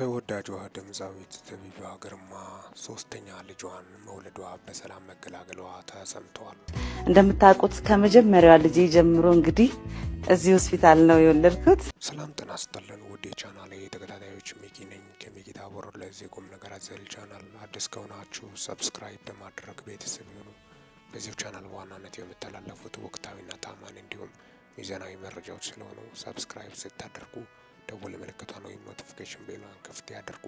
ተወዳጇ ድምፃዊት ዘቢባ ግርማ ሶስተኛ ልጇን መውለዷ በሰላም መገላገሏ ተሰምተዋል። እንደምታውቁት ከመጀመሪያዋ ልጅ ጀምሮ እንግዲህ እዚህ ሆስፒታል ነው የወለድኩት። ሰላም ጤና ይስጥልን ውድ የቻናሌ ተከታታዮች፣ ሚኪ ነኝ ከሚኪታ ቦሮ። ለዚህ ቁም ነገር አዘል ቻናል አዲስ ከሆናችሁ ሰብስክራይብ በማድረግ ቤተሰብ ይሁኑ። በዚሁ ቻናል በዋናነት የምተላለፉት ወቅታዊና ታማኝ እንዲሁም ሚዛናዊ መረጃዎች ስለሆኑ ሰብስክራይብ ስታደርጉ ደወል ምልክቷን ወይም ኖቲፊኬሽን ቤሏን ክፍት ያደርጉ።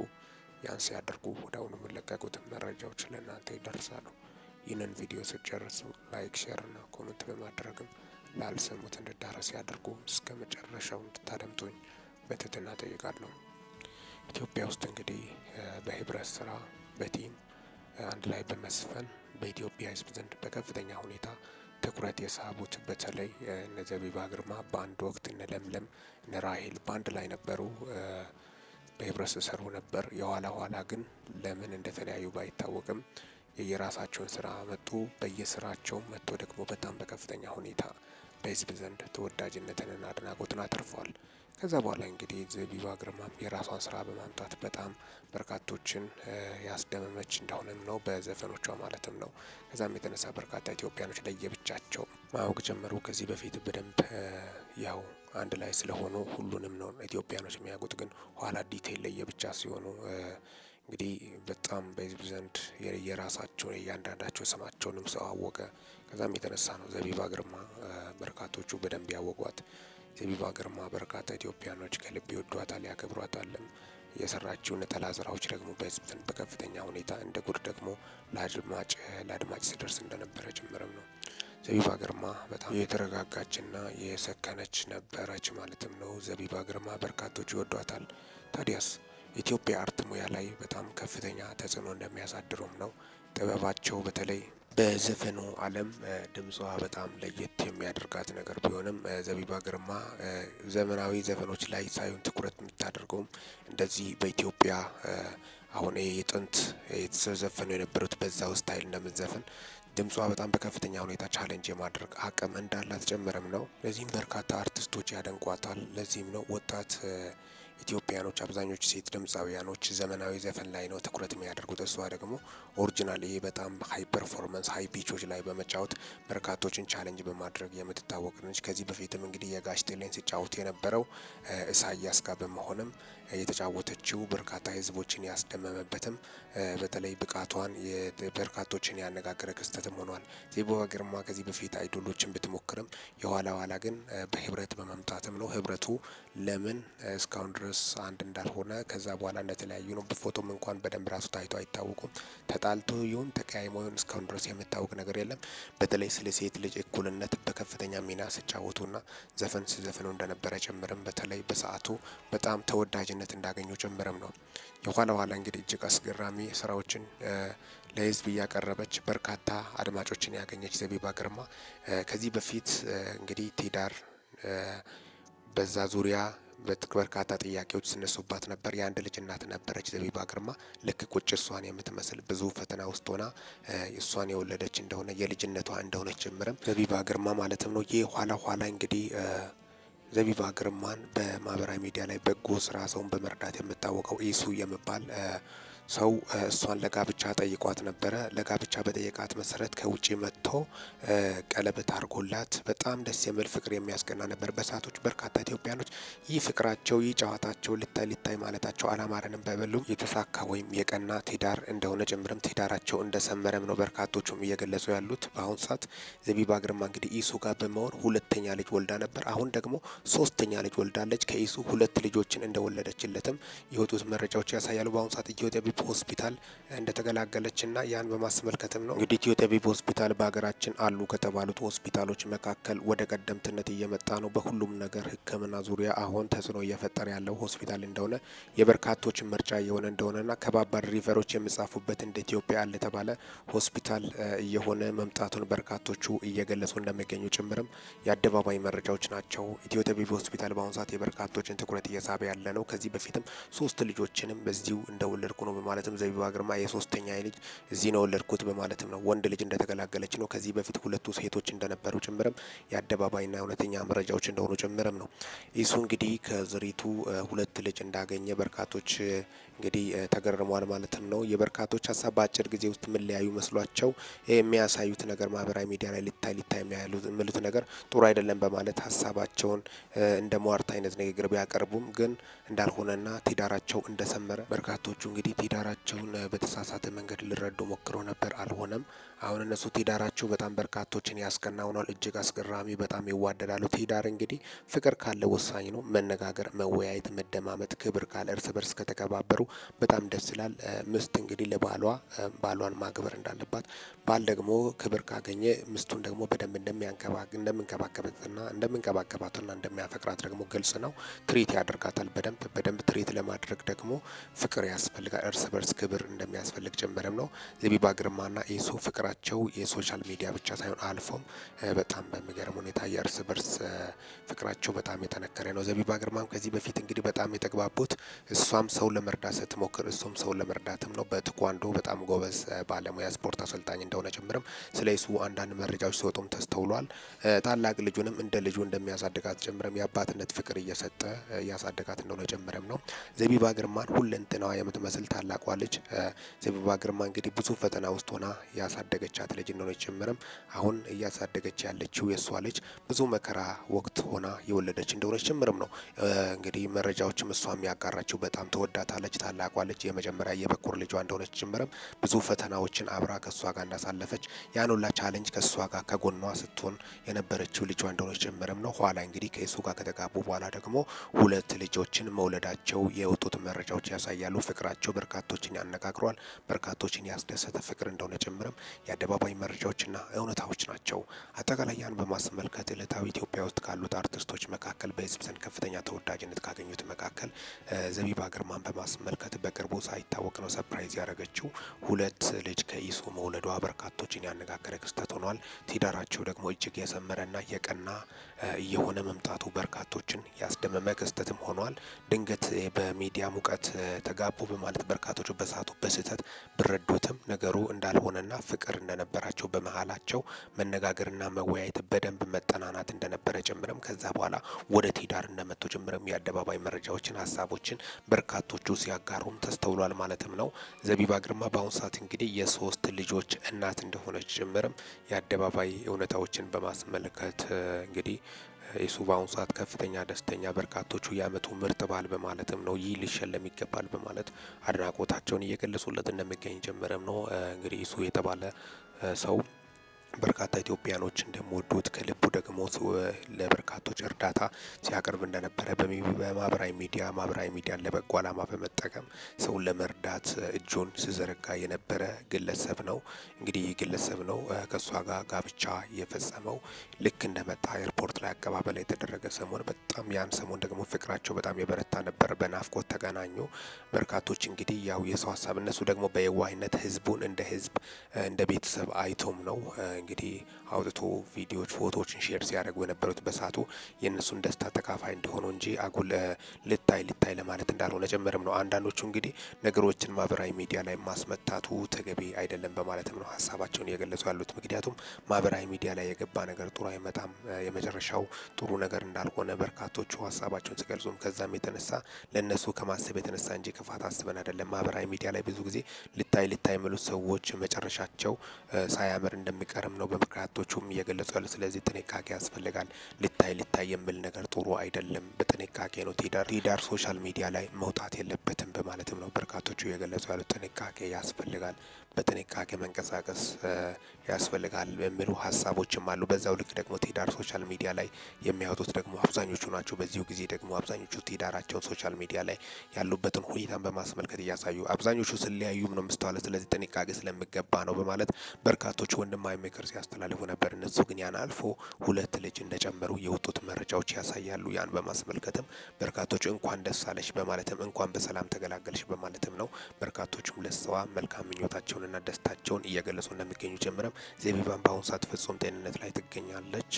ያንስ ያደርጉ ወደ አሁኑ የሚለቀቁትን መረጃዎች ለእናንተ ይደርሳሉ። ይህንን ቪዲዮ ስጨርሱ ላይክ፣ ሼር እና ኮሜንት በማድረግም ላልሰሙት እንድዳረስ ያደርጉ። እስከ መጨረሻው እንድታደምጡኝ በትህትና ጠይቃለሁ። ኢትዮጵያ ውስጥ እንግዲህ በህብረት ስራ በቲም አንድ ላይ በመስፈን በኢትዮጵያ ህዝብ ዘንድ በከፍተኛ ሁኔታ ትኩረት የሳቡት በተለይ እነ ዘቢባ ግርማ በአንድ ወቅት እነ ለምለም እነ ራሄል በአንድ ላይ ነበሩ፣ በህብረት ሲሰሩ ነበር። የኋላ ኋላ ግን ለምን እንደተለያዩ ባይታወቅም የየራሳቸውን ስራ መጡ። በየስራቸው መጥቶ ደግሞ በጣም በከፍተኛ ሁኔታ በህዝብ ዘንድ ተወዳጅነትንና አድናቆትን አትርፏል። ከዛ በኋላ እንግዲህ ዘቢባ ግርማም የራሷን ስራ በማምጣት በጣም በርካቶችን ያስደመመች እንደሆነም ነው በዘፈኖቿ ማለትም ነው። ከዛም የተነሳ በርካታ ኢትዮጵያኖች ለየብቻቸው ማወቅ ጀመሩ። ከዚህ በፊት በደንብ ያው አንድ ላይ ስለሆኑ ሁሉንም ነው ኢትዮጵያኖች የሚያውቁት፣ ግን ኋላ ዲቴይል ለየብቻ ሲሆኑ እንግዲህ በጣም በህዝብ ዘንድ የራሳቸውን እያንዳንዳቸው ስማቸውንም ሰው አወቀ። ከዛም የተነሳ ነው ዘቢባ ግርማ በርካቶቹ በደንብ ያወቋት። ዘቢባ ግርማ በርካታ ኢትዮጵያኖች ከልብ ይወዷታል፣ ያከብሯታልም። የሰራችው ነጠላ ስራዎች ደግሞ በህዝብ ዘንድ በከፍተኛ ሁኔታ እንደ ጉድ ደግሞ ለአድማጭ ለአድማጭ ስደርስ እንደነበረ ጭምርም ነው። ዘቢባ ግርማ በጣም የተረጋጋችና የሰከነች ነበረች ማለትም ነው። ዘቢባ ግርማ በርካቶች ይወዷታል። ታዲያስ ኢትዮጵያ አርት ሙያ ላይ በጣም ከፍተኛ ተጽዕኖ እንደሚያሳድሩም ነው። ጥበባቸው በተለይ በዘፈኑ ዓለም ድምጿ በጣም ለየት የሚያደርጋት ነገር ቢሆንም ዘቢባ ግርማ ዘመናዊ ዘፈኖች ላይ ሳይሆን ትኩረት የምታደርገውም እንደዚህ በኢትዮጵያ አሁን የጥንት የተዘፈኑ የነበሩት በዛው ስታይል እንደምትዘፍን ድምጿ በጣም በከፍተኛ ሁኔታ ቻለንጅ የማድረግ አቅም እንዳላት ጭምርም ነው። ለዚህም በርካታ አርቲስቶች ያደንቋታል። ለዚህም ነው ወጣት ኢትዮጵያኖች አብዛኞቹ ሴት ድምፃውያኖች ዘመናዊ ዘፈን ላይ ነው ትኩረት የሚያደርጉት። እሷ ደግሞ ኦሪጂናል ይሄ በጣም ሀይ ፐርፎርመንስ ሀይ ፒቾች ላይ በመጫወት በርካቶችን ቻለንጅ በማድረግ የምትታወቅ ነች። ከዚህ በፊትም እንግዲህ የጋሽ ጤሌን ሲጫወት የነበረው እሳያስ ጋር በመሆንም የተጫወተችው በርካታ ህዝቦችን ያስደመመበትም በተለይ ብቃቷን በርካቶችን ያነጋገረ ክስተትም ሆኗል። ዜባዋ ግርማ ከዚህ በፊት አይዶሎችን ብትሞክርም የኋላ ኋላ ግን በህብረት በመምጣትም ነው ህብረቱ ለምን እስካሁን ድረስ ድረስ አንድ እንዳልሆነ ከዛ በኋላ እንደተለያዩ ነው። በፎቶም እንኳን በደንብ ራሱ ታይቶ አይታወቁም። ተጣልቶ ይሁን ተቀያይሞ ይሁን እስካሁን ድረስ የሚታወቅ ነገር የለም። በተለይ ስለ ሴት ልጅ እኩልነት በከፍተኛ ሚና ሲጫወቱና ዘፈን ሲዘፍኑ እንደነበረ ጭምርም በተለይ በሰዓቱ በጣም ተወዳጅነት እንዳገኙ ጭምርም ነው። የኋላ ኋላ እንግዲህ እጅግ አስገራሚ ስራዎችን ለህዝብ እያቀረበች በርካታ አድማጮችን ያገኘች ዘቢባ ግርማ ከዚህ በፊት እንግዲህ ቴዳር በዛ ዙሪያ በርካታ ጥያቄዎች ስነሱባት ነበር። የአንድ ልጅ እናት ነበረች ዘቢባ ግርማ። ልክ ቁጭ እሷን የምትመስል ብዙ ፈተና ውስጥ ሆና እሷን የወለደች እንደሆነ የልጅነቷ እንደሆነ ጭምርም ዘቢባ ግርማ ማለትም ነው። ይህ ኋላ ኋላ እንግዲህ ዘቢባ ግርማን በማህበራዊ ሚዲያ ላይ በጎ ስራ ሰውን በመርዳት የምታወቀው ኢሱ የሚባል ሰው እሷን ለጋብቻ ጠይቋት ነበረ። ለጋብቻ በጠየቃት መሰረት ከውጭ መጥቶ ቀለበት አድርጎላት በጣም ደስ የሚል ፍቅር የሚያስቀና ነበር። በሰዓቶች በርካታ ኢትዮጵያኖች ይህ ፍቅራቸው ይህ ጨዋታቸው ልታይ ልታይ ማለታቸው አላማረንም በበሉ የተሳካ ወይም የቀና ትዳር እንደሆነ ጭምርም ትዳራቸው እንደሰመረም ነው በርካቶቹም እየገለጹ ያሉት። በአሁን ሰዓት ዘቢባ ግርማ እንግዲህ ኢሱ ጋር በመሆን ሁለተኛ ልጅ ወልዳ ነበር። አሁን ደግሞ ሶስተኛ ልጅ ወልዳለች። ከኢሱ ሁለት ልጆችን እንደወለደችለትም የወጡት መረጃዎች ያሳያሉ። በአሁን ሰዓት ኢትዮጵያ ሆስፒታል እንደተገላገለችና ያን በማስመልከትም ነው እንግዲህ ኢትዮ ጠቢብ ሆስፒታል በሀገራችን አሉ ከተባሉት ሆስፒታሎች መካከል ወደ ቀደምትነት እየመጣ ነው። በሁሉም ነገር ሕክምና ዙሪያ አሁን ተጽዕኖ እየፈጠረ ያለው ሆስፒታል እንደሆነ የበርካቶች ምርጫ የሆነ እንደሆነና ከባባድ ሪቨሮች የሚጻፉበት እንደ ኢትዮጵያ አለ ተባለ ሆስፒታል እየሆነ መምጣቱን በርካቶቹ እየገለጹ እንደሚገኙ ጭምርም የአደባባይ መረጃዎች ናቸው። ኢትዮ ጠቢብ ሆስፒታል በአሁኑ ሰዓት የበርካቶችን ትኩረት እየሳበ ያለ ነው። ከዚህ በፊትም ሶስት ልጆችንም በዚሁ እንደወለድኩ ነው በማለትም ዘቢባ ግርማ የሶስተኛ ልጅ እዚህ ነው ወለድኩት በማለትም ነው ወንድ ልጅ እንደተገላገለች ነው። ከዚህ በፊት ሁለቱ ሴቶች እንደነበሩ ጭምርም የአደባባይና እውነተኛ መረጃዎች እንደሆኑ ጭምርም ነው። ኢሱ እንግዲህ ከዝሪቱ ሁለት ልጅ እንዳገኘ በርካቶች እንግዲህ ተገርሟል ማለት ነው። የበርካቶች ሀሳብ በአጭር ጊዜ ውስጥ የምለያዩ መስሏቸው የሚያሳዩት ነገር ማህበራዊ ሚዲያ ላይ ሊታይ ሊታይ የሚሉት ነገር ጥሩ አይደለም በማለት ሀሳባቸውን እንደ ሟርት አይነት ንግግር ቢያቀርቡም ግን እንዳልሆነና ትዳራቸው እንደሰመረ በርካቶቹ እንግዲህ ትዳራቸውን በተሳሳተ መንገድ ሊረዱ ሞክረው ነበር፣ አልሆነም። አሁን እነሱ ትዳራቸው በጣም በርካቶችን ሆኗል። እጅግ አስገራሚ፣ በጣም ይዋደዳሉ። ትዳር እንግዲህ ፍቅር ካለ ወሳኝ ነው። መነጋገር፣ መወያየት፣ መደማመጥ፣ ክብር ካለ እርስ በርስ ከተከባበሩ በጣም ደስ ይላል። ምስት እንግዲህ ለባሏ ባሏን ማክበር እንዳለባት፣ ባል ደግሞ ክብር ካገኘ ምስቱን ደግሞ በደንብ እንደሚንከባከባትና እንደሚንከባከባትና እንደሚያፈቅራት ደግሞ ግልጽ ነው። ትሪት ያደርጋታል በደንብ በደንብ ትሪት ለማድረግ ደግሞ ፍቅር ያስፈልጋል። እርስ በርስ ክብር እንደሚያስፈልግ ጭምርም ነው። ዘቢባ ግርማና ኢሱ ፍቅራቸው የሶሻል ሚዲያ ብቻ ሳይሆን አልፎም በጣም በሚገርም ሁኔታ የእርስ በርስ ፍቅራቸው በጣም የተነከረ ነው። ዘቢባ ግርማም ከዚህ በፊት እንግዲህ በጣም የተግባቡት እሷም ሰው ለመርዳት ስትሞክር እሱም ሰው ለመርዳትም ነው። በትኳንዶ በጣም ጎበዝ ባለሙያ ስፖርት አሰልጣኝ እንደሆነ ጭምርም ስለ እሱ አንዳንድ መረጃዎች ሲወጡም ተስተውሏል። ታላቅ ልጁንም እንደ ልጁ እንደሚያሳድጋት ጭምርም የአባትነት ፍቅር እየሰጠ እያሳደጋት እንደሆነ ጭምርም ነው። ዘቢባ ግርማን ሁለንተናዋ የምትመስል ታላቋ ልጅ ዘቢባ ግርማ እንግዲህ ብዙ ፈተና ውስጥ ሆና ያሳደገቻት ልጅ እንደሆነ ጭምርም አሁን እያሳደገች ያለችው የእሷ ልጅ ብዙ መከራ ወቅት ሆና የወለደች እንደሆነች ጭምርም ነው እንግዲህ መረጃዎችም እሷ የሚያጋራቸው በጣም ተወዳታለች። ታላቋለች የመጀመሪያ የበኩር ልጇ እንደሆነች ጭምርም ብዙ ፈተናዎችን አብራ ከእሷ ጋር እንዳሳለፈች ያን ሁላ ቻለንጅ ከእሷ ጋር ከጎኗ ስትሆን የነበረችው ልጇ እንደሆነች ጭምርም ነው። ኋላ እንግዲህ ከሱ ጋር ከተጋቡ በኋላ ደግሞ ሁለት ልጆችን መውለዳቸው የወጡት መረጃዎች ያሳያሉ። ፍቅራቸው በርካቶችን ያነጋግሯል፣ በርካቶችን ያስደሰተ ፍቅር እንደሆነ ጭምርም የአደባባይ መረጃዎችና እውነታዎች ናቸው። አጠቃላይ ያን በማስመልከት እለታዊ ኢትዮጵያ ውስጥ ካሉት አርቲስቶች መካከል በህዝብ ዘንድ ከፍተኛ ተወዳጅነት ካገኙት መካከል ዘቢባ ግርማን በማስመልከት በረከት በቅርቡ ሳይታወቅ ነው ሰርፕራይዝ ያደረገችው። ሁለት ልጅ ከኢሱ መውለዷ በርካቶችን ያነጋገረ ክስተት ሆኗል። ትዳራቸው ደግሞ እጅግ የሰመረና የቀና እየሆነ መምጣቱ በርካቶችን ያስደመመ ክስተትም ሆኗል። ድንገት በሚዲያ ሙቀት ተጋቡ በማለት በርካቶች በሳቱ በስህተት ቢረዱትም ነገሩ እንዳልሆነና ፍቅር እንደነበራቸው በመሀላቸው መነጋገርና መወያየት በደንብ መጠናናት እንደነበረ ጭምርም ከዛ በኋላ ወደ ትዳር እንደመጡ ጭምርም የአደባባይ መረጃዎችን ሀሳቦችን በርካቶቹ ሲያ ሲያጋሩም ተስተውሏል ማለትም ነው። ዘቢባ ግርማ በአሁኑ ሰዓት እንግዲህ የሶስት ልጆች እናት እንደሆነች ጭምርም የአደባባይ እውነታዎችን በማስመልከት እንግዲህ እሱ በአሁኑ ሰዓት ከፍተኛ ደስተኛ በርካቶቹ የአመቱ ምርጥ ባል በማለትም ነው ይህ ሊሸለም ይገባል በማለት አድናቆታቸውን እየገለጹለት እንደሚገኝ ጀምረም ነው እንግዲህ እሱ የተባለ ሰው በርካታ ኢትዮጵያኖች እንደሚወዱት ከልቡ ደግሞ ለበርካቶች እርዳታ ሲያቀርብ እንደነበረ በማህበራዊ ሚዲያ ማህበራዊ ሚዲያን ለበጎ አላማ በመጠቀም ሰውን ለመርዳት እጁን ሲዘረጋ የነበረ ግለሰብ ነው። እንግዲህ ይህ ግለሰብ ነው ከእሷ ጋር ጋብቻ የፈጸመው። ልክ እንደመጣ ኤርፖርት ላይ አቀባበል የተደረገ ሰሞን በጣም ያን ሰሞን ደግሞ ፍቅራቸው በጣም የበረታ ነበር። በናፍቆት ተገናኙ። በርካቶች እንግዲህ ያው የሰው ሀሳብ እነሱ ደግሞ በየዋህነት ህዝቡን እንደ ህዝብ እንደ ቤተሰብ አይቶም ነው እንግዲህ አውጥቶ ቪዲዮዎች ፎቶዎችን ሼር ሲያደርጉ የነበሩት በሳቱ የእነሱን ደስታ ተካፋይ እንደሆኑ እንጂ አጉል ይታይ ሊታይ ለማለት እንዳልሆነ ጭምርም ነው። አንዳንዶቹ እንግዲህ ነገሮችን ማህበራዊ ሚዲያ ላይ ማስመታቱ ተገቢ አይደለም በማለትም ነው ሀሳባቸውን እየገለጹ ያሉት። ምክንያቱም ማህበራዊ ሚዲያ ላይ የገባ ነገር ጥሩ አይመጣም፣ የመጨረሻው ጥሩ ነገር እንዳልሆነ በርካቶቹ ሀሳባቸውን ሲገልጹም ከዛም የተነሳ ለእነሱ ከማሰብ የተነሳ እንጂ ክፋት አስበን አይደለም። ማህበራዊ ሚዲያ ላይ ብዙ ጊዜ ልታይ ልታይ የሚሉት ሰዎች መጨረሻቸው ሳያምር እንደሚቀርም ነው በምክንያቶቹም እየገለጹ ያሉት። ስለዚህ ጥንቃቄ ያስፈልጋል። ልታይ ልታይ የሚል ነገር ጥሩ አይደለም። በጥንቃቄ ነው ቴዳር ነገር ሶሻል ሚዲያ ላይ መውጣት የለበትም በማለትም ነው በርካቶቹ የገለጹ ያሉት ጥንቃቄ ያስፈልጋል። በጥንቃቄ መንቀሳቀስ ያስፈልጋል የሚሉ ሀሳቦችም አሉ። በዛው ልክ ደግሞ ቴዳር ሶሻል ሚዲያ ላይ የሚያወጡት ደግሞ አብዛኞቹ ናቸው። በዚሁ ጊዜ ደግሞ አብዛኞቹ ቴዳራቸውን ሶሻል ሚዲያ ላይ ያሉበትን ሁኔታን በማስመልከት እያሳዩ አብዛኞቹ ስለያዩም ነው ምስተዋለ። ስለዚህ ጥንቃቄ ስለሚገባ ነው በማለት በርካቶች ወንድማዊ ምክር ሲያስተላልፉ ነበር። እነሱ ግን ያን አልፎ ሁለት ልጅ እንደጨመሩ የወጡት መረጃዎች ያሳያሉ። ያን በማስመልከትም በርካቶች እንኳን ደስ አለሽ በማለትም እንኳን በሰላም ተገላገልሽ በማለትም ነው በርካቶችም ለሰዋ መልካም ምኞታቸው መሆናቸውንና ደስታቸውን እየገለጹ እንደሚገኙ ጀምረም ዜቢባን በአሁኑ ሰዓት ፍጹም ጤንነት ላይ ትገኛለች።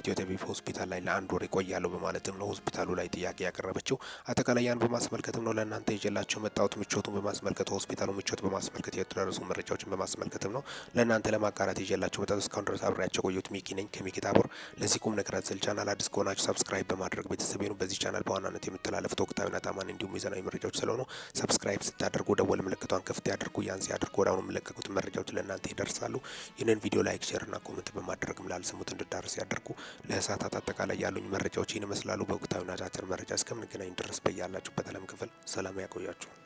ኢትዮ ቴቤብ ሆስፒታል ላይ ለአንድ ወር ይቆያለሁ በማለትም ነው ሆስፒታሉ ላይ ጥያቄ ያቀረበችው። አጠቃላይ ያን በማስመልከትም ነው ለእናንተ ይዤላቸው መጣሁት። ምቾቱን በማስመልከት ሆስፒታሉ ምቾት በማስመልከት የተደረሱ መረጃዎችን በማስመልከትም ነው ለእናንተ ለማጋራት ይዤላቸው መጣሁት። እስካሁን ድረስ አብሬያቸው ቆየሁት። ሚኪ ነኝ ከሚኪ ታቦር። ለዚህ ቁም ነገር አዘል ቻናል አዲስ ከሆናችሁ ሰብስክራይብ በማድረግ ቤተሰብ ነው። በዚህ ቻናል በዋናነት የሚተላለፉት ወቅታዊና ታማኝ እንዲሁም የዘናዊ መረጃዎች ስለሆኑ ሰብስክራይብ ስታደርጉ ደወል ምልክቷን ክፍት ያድርጉ። ያንስ ሲያደርጉ ወዲያውኑ የምለቀቁት መረጃዎች ለእናንተ ይደርሳሉ። ይህንን ቪዲዮ ላይክ፣ ሼር እና ኮመንት በማድረግም ላልሰሙት እንድዳረስ ያደርጉ። ለእሳታት አጠቃላይ ያሉኝ መረጃዎች ይህን ይመስላሉ። በወቅታዊና አጫጭር መረጃ እስከምንገናኝ ድረስ በያላችሁበት ዓለም ክፍል ሰላም ያቆያችሁ።